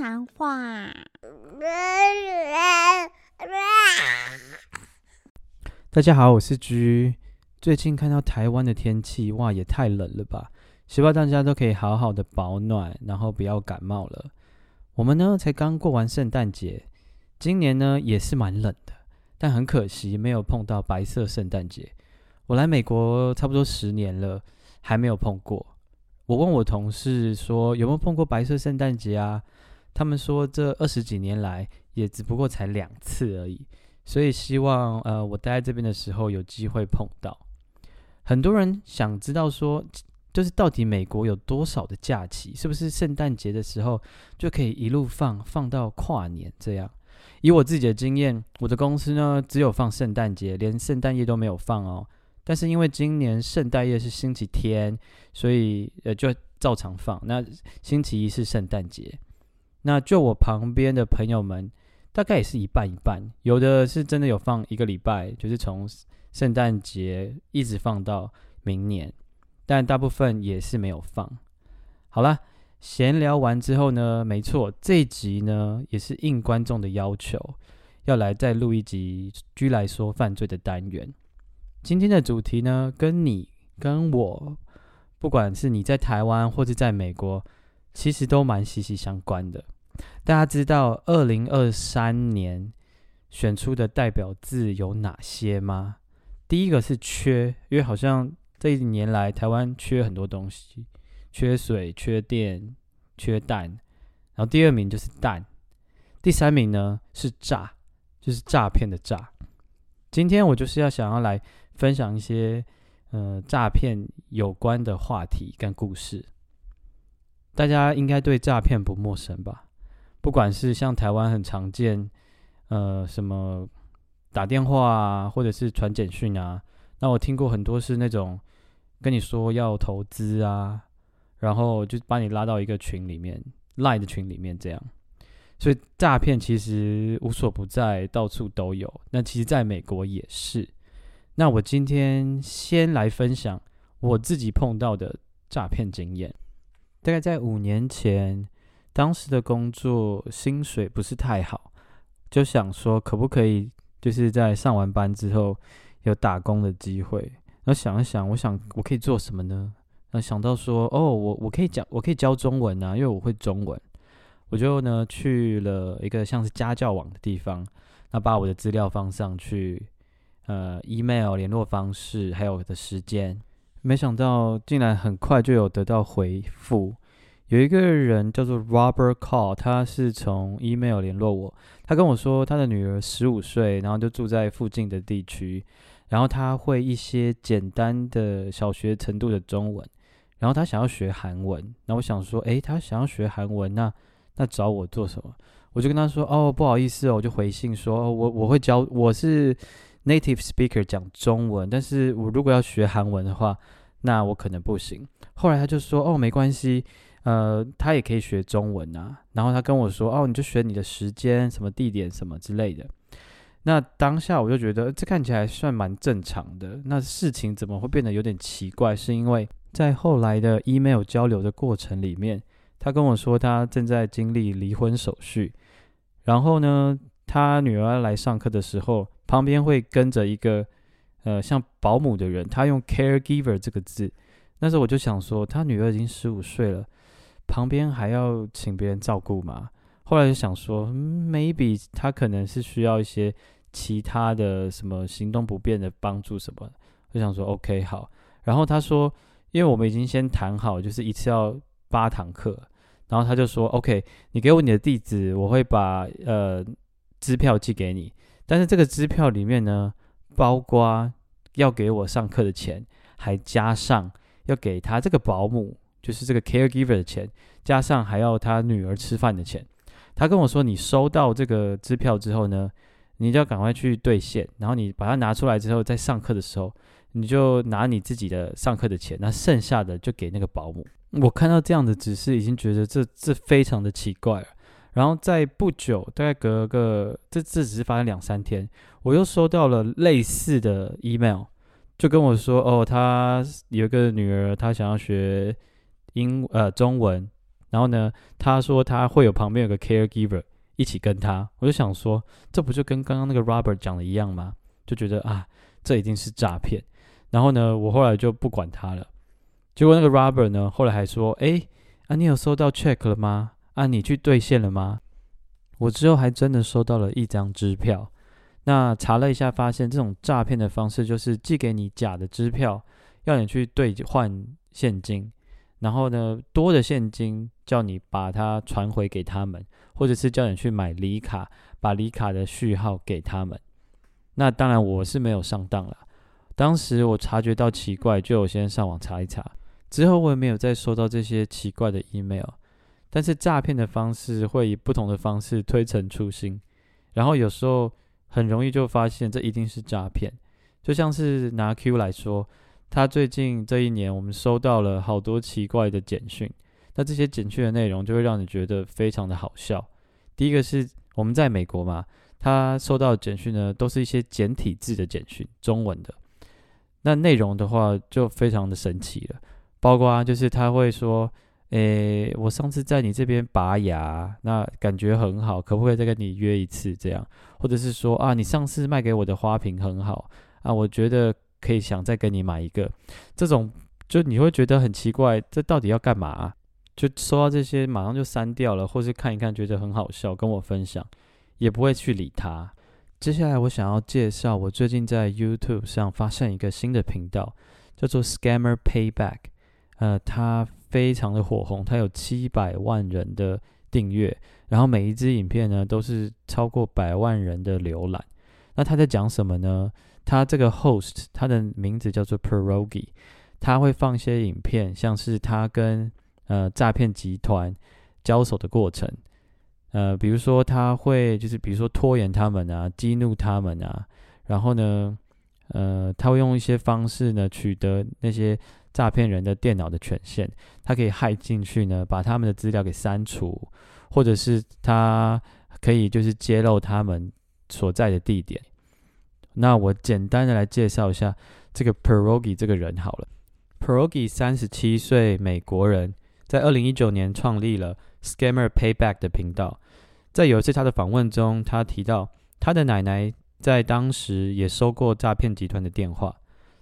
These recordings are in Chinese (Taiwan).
話。 大家好，我是 G。最近看到台灣的天氣，哇，也太冷了吧！希望大家都可以好好的保暖，然後不要感冒了。我們呢，才剛過完聖誕節，今年呢也是蠻冷的，但很可惜沒有碰到白色聖誕節。我來美國差不多十年了，還沒有碰過。我問我同事說，有沒有碰過白色聖誕節啊？他們說，這二十幾年來也只不過才兩次而已，所以希望呃，我待在這邊的時候有機會碰到。很多人想知道說，就是到底美國有多少的假期？是不是聖誕節的時候就可以一路放放到跨年這樣？以我自己的經驗，我的公司呢只有放聖誕節，連聖誕夜都沒有放哦。但是因為今年聖誕夜是星期天，所以呃就照常放。那星期一是聖誕節。那就我旁邊的朋友們，大概也是一半一半，有的是真的有放一個禮拜，就是從聖誕節一直放到明年，但大部分也是沒有放。好啦，閒聊完之後呢，沒錯，這一集呢也是應觀眾的要求，要來再錄一集《G 來說犯罪》的單元。今天的主題呢，跟你跟我，不管是你在台灣或是在美國。其實都蠻息息相關的。大家知道二零二三年選出的代表字有哪些嗎？第一個是缺，因為好像這一年來台灣缺很多東西，缺水、缺電、缺蛋。然後第二名就是蛋，第三名呢是詐，就是詐騙的詐。今天我就是要想要來分享一些呃詐騙有關的話題跟故事。大家應該對詐騙不陌生吧？不管是像台灣很常見，呃，什麼打電話啊，或者是傳簡訊啊，那我聽過很多是那種跟你說要投資啊，然後就把你拉到一個群裡面，Line 的群裡面這樣。所以詐騙其實無所不在，到處都有。那其實在美國也是。那我今天先來分享我自己碰到的詐騙經驗。大概在五年前，當時的工作薪水不是太好，就想說可不可以，就是在上完班之後有打工的機會。然後想一想，我想我可以做什麼呢？那想到說，哦，我我可以講，我可以教中文啊，因為我會中文，我就呢去了一個像是家教網的地方，那把我的資料放上去，呃，email 聯絡方式還有我的時間。沒想到竟然很快就有得到回復，有一個人叫做 Robert Call，他是從 email 聯絡我，他跟我說他的女兒十五歲，然後就住在附近的地區，然後他會一些簡單的小學程度的中文，然後他想要學韓文，那我想說，誒，他想要學韓文，那那找我做什麼？我就跟他說，哦，不好意思哦，我就回信說，哦，我我會教，我是。Native speaker 講中文，但是我如果要學韓文的話，那我可能不行。後來他就說：“哦，沒關係，呃，他也可以學中文啊。”然後他跟我說：“哦，你就選你的時間、什麼地點、什麼之類的。”那當下我就覺得這看起來算蠻正常的。那事情怎麼會變得有點奇怪？是因為在後來的 email 交流的過程裡面，他跟我說他正在經歷離婚手續，然後呢，他女兒來上課的時候。旁邊會跟着一個呃，像保姆的人，他用 caregiver 這個字。那時候我就想說，他女兒已經十五歲了，旁邊還要請別人照顧嘛？後來就想說，嗯，maybe 他可能是需要一些其他的什麼行動不便的幫助什麼。我想說，OK 好。然後他說，因為我們已經先談好，就是一次要八堂課，然後他就說，OK，你給我你的地址，我會把呃支票寄給你。但是這個支票裡面呢，包括要給我上課的錢，還加上要給他這個保姆，就是這個 caregiver 的錢，加上還要他女兒吃飯的錢。他跟我說，你收到這個支票之後呢，你就要趕快去兌現，然後你把它拿出來之後，在上課的時候，你就拿你自己的上課的錢，那剩下的就給那個保姆。我看到這樣的指示，已經覺得這這非常的奇怪了。然後在不久，大概隔個，這這只是發生兩三天，我又收到了類似的 email，就跟我說，哦，他有一個女兒，他想要學英呃中文，然後呢，他說他會有旁邊有個 caregiver 一起跟他，我就想說，這不就跟剛剛那個 Robert 講的一樣嗎？就覺得啊，這一定是詐騙，然後呢，我後來就不管他了，結果那個 Robert 呢，後來還說，誒，啊你有收到 check 了嗎？啊，你去兌現了嗎？我之後還真的收到了一張支票。那查了一下，發現這種詐騙的方式就是寄給你假的支票，要你去兌換現金，然後呢，多的現金叫你把它傳回給他們，或者是叫你去買禮卡，把禮卡的序號給他們。那當然我是沒有上當了。當時我察覺到奇怪，就我先上網查一查。之後我也沒有再收到這些奇怪的 email。但是詐騙的方式會以不同的方式推陳出新，然後有時候很容易就發現這一定是詐騙。就像是拿 Q 來說，他最近這一年我們收到了好多奇怪的簡訊，那這些簡訊的內容就會讓你覺得非常的好笑。第一個是我們在美國嘛，他收到的簡訊呢都是一些簡體字的簡訊，中文的。那內容的話就非常的神奇了，包括啊，就是他會說。誒，我上次在你這邊拔牙，那感覺很好，可不可以再跟你約一次？這樣，或者是說啊，你上次賣給我的花瓶很好啊，我覺得可以想再跟你買一個。這種就你會覺得很奇怪，這到底要幹嘛？就收到這些馬上就刪掉了，或是看一看覺得很好笑，跟我分享，也不會去理他。接下來我想要介紹我最近在 YouTube 上發現一個新的頻道，叫做 Scammer Payback。呃，他。非常的火紅，它有七百萬人的訂閱，然後每一支影片呢都是超過百萬人的瀏覽。那他在講什麼呢？他這個 host 他的名字叫做 Pierogi，他會放一些影片，像是他跟呃詐騙集團交手的過程，呃，比如說他會就是比如說拖延他們啊，激怒他們啊，然後呢。呃，他會用一些方式呢，取得那些詐騙人的電腦的權限，他可以害進去呢，把他們的資料給刪除，或者是他可以就是揭露他們所在的地點。那我簡單的來介紹一下這個 Pierogi 這個人好了，Pierogi 三十七歲，美國人，在二零一九年創立了 Scammer Payback 的頻道。在有一次他的訪問中，他提到他的奶奶。在當時也收過詐騙集團的電話。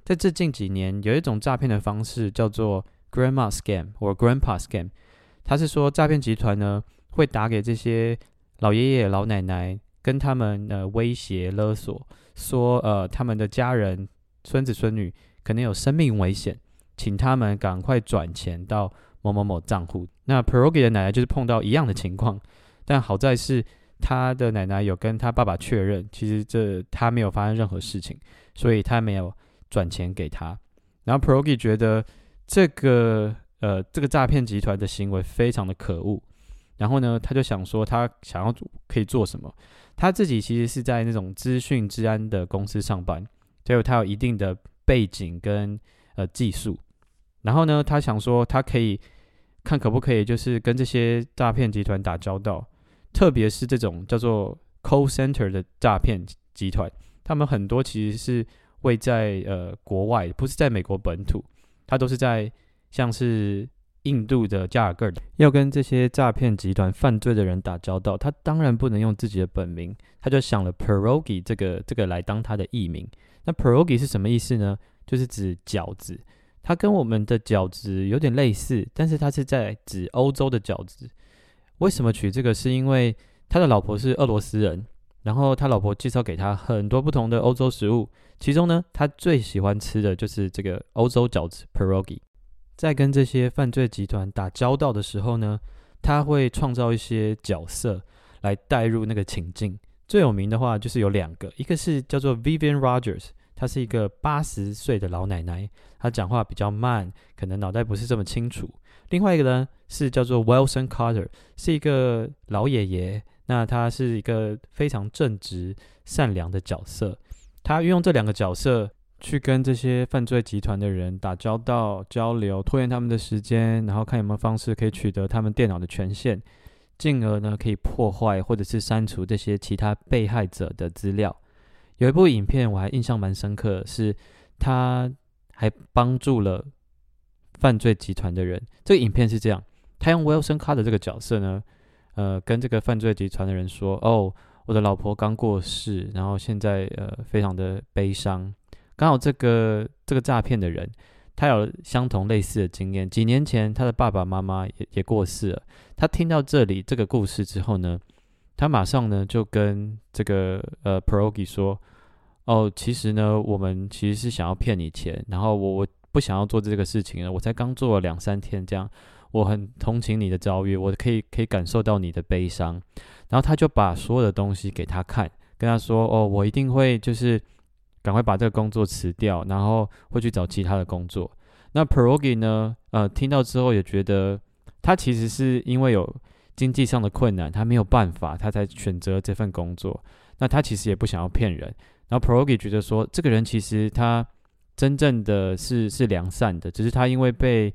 在這近幾年，有一種詐騙的方式叫做 Grandma Scam 或 Grandpa Scam。他是說詐騙集團呢，會打給這些老爺爺老奶奶，跟他們呃，威脅勒索，說呃，他們的家人、孫子孫女可能有生命危險，請他們趕快轉錢到某某某賬戶。那 Pierogi 的奶奶就是碰到一樣的情況，但好在是。他的奶奶有跟他爸爸確認，其實這他沒有發生任何事情，所以他沒有轉錢給他。然後 Pierogi 覺得這個呃這個詐騙集團的行為非常的可惡，然後呢，他就想說他想要可以做什麼？他自己其實是在那種資訊資安的公司上班，所以他有一定的背景跟呃技術。然後呢，他想說他可以看可不可以就是跟這些詐騙集團打交道。特別是這種叫做 call center 的詐騙集團，他們很多其實是會在呃國外，不是在美國本土，他都是在像是印度的加爾各答。要跟這些詐騙集團犯罪的人打交道，他當然不能用自己的本名，他就想了 Pierogi 這個這個來當他的藝名。那 Pierogi 是什麼意思呢？就是指餃子，它跟我們的餃子有點類似，但是它是在指歐洲的餃子。為什麼取這個？是因為他的老婆是俄羅斯人，然後他老婆介紹給他很多不同的歐洲食物，其中呢，他最喜歡吃的就是這個歐洲餃子 Pierogi。在跟這些犯罪集團打交道的時候呢，他會創造一些角色來帶入那個情境。最有名的話就是有兩個，一個是叫做 Vivian Rogers，她是一個八十歲的老奶奶，她講話比較慢，可能腦袋不是這麼清楚。另外一個呢是叫做 Wilson Carter，是一個老爺爺，那他是一個非常正直、善良的角色。他運用這兩個角色去跟這些犯罪集團的人打交道、交流，拖延他們的時間，然後看有沒有方式可以取得他們電腦的權限，進而呢可以破壞或者是刪除這些其他被害者的資料。有一部影片我還印象蠻深刻，是他還幫助了犯罪集團的人，這個影片是這樣，他用 Wilson Card 的這個角色呢，呃，跟這個犯罪集團的人說：“哦，我的老婆剛過世，然後現在呃，非常的悲傷。剛好這個這個詐騙的人，他有相同類似的經驗，幾年前他的爸爸媽媽也也過世了。他聽到這裡這個故事之後呢，他馬上呢就跟這個呃 Pierogi 說：‘哦，其實呢，我們其實是想要騙你錢。’然後我我。”不想要做這個事情了，我才剛做了兩三天，這樣，我很同情你的遭遇，我可以可以感受到你的悲傷。然後他就把所有的東西給他看，跟他說：“哦，我一定會就是趕快把這個工作辭掉，然後會去找其他的工作。”那 Pierogi 呢？呃，聽到之後也覺得他其實是因為有經濟上的困難，他沒有辦法，他才選擇這份工作。那他其實也不想要騙人。然後 Pierogi 覺得說，這個人其實他。真正的是是良善的，只是他因為被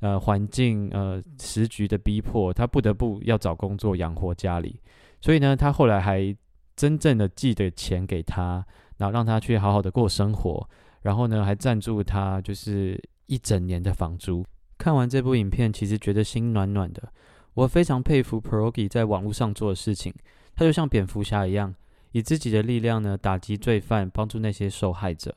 呃、環境呃時局的逼迫，他不得不要找工作養活家裡，所以呢，他後來還真正的寄的錢給他，然後讓他去好好的過生活，然後呢，還贊助他就是一整年的房租。看完這部影片，其實覺得心暖暖的。我非常佩服 Pierogi 在網絡上做的事情，他就像蝙蝠俠一樣，以自己的力量呢打擊罪犯，幫助那些受害者。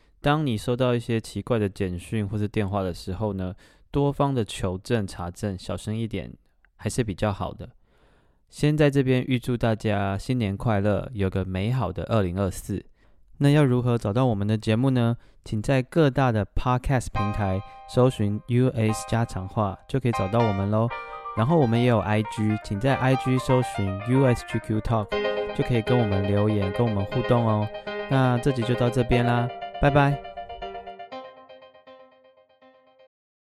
當你收到一些奇怪的簡訊或是電話的時候呢，多方的求證查證，小聲一點還是比較好的。先在這邊預祝大家新年快樂，有個美好的二零二四。那要如何找到我們的節目呢？請在各大的 Podcast 平台搜尋 US 家常話，就可以找到我們嘍。然後我們也有 IG，請在 IG 搜尋 USGQ Talk，就可以跟我們留言，跟我們互動哦。那這集就到這邊啦。拜拜。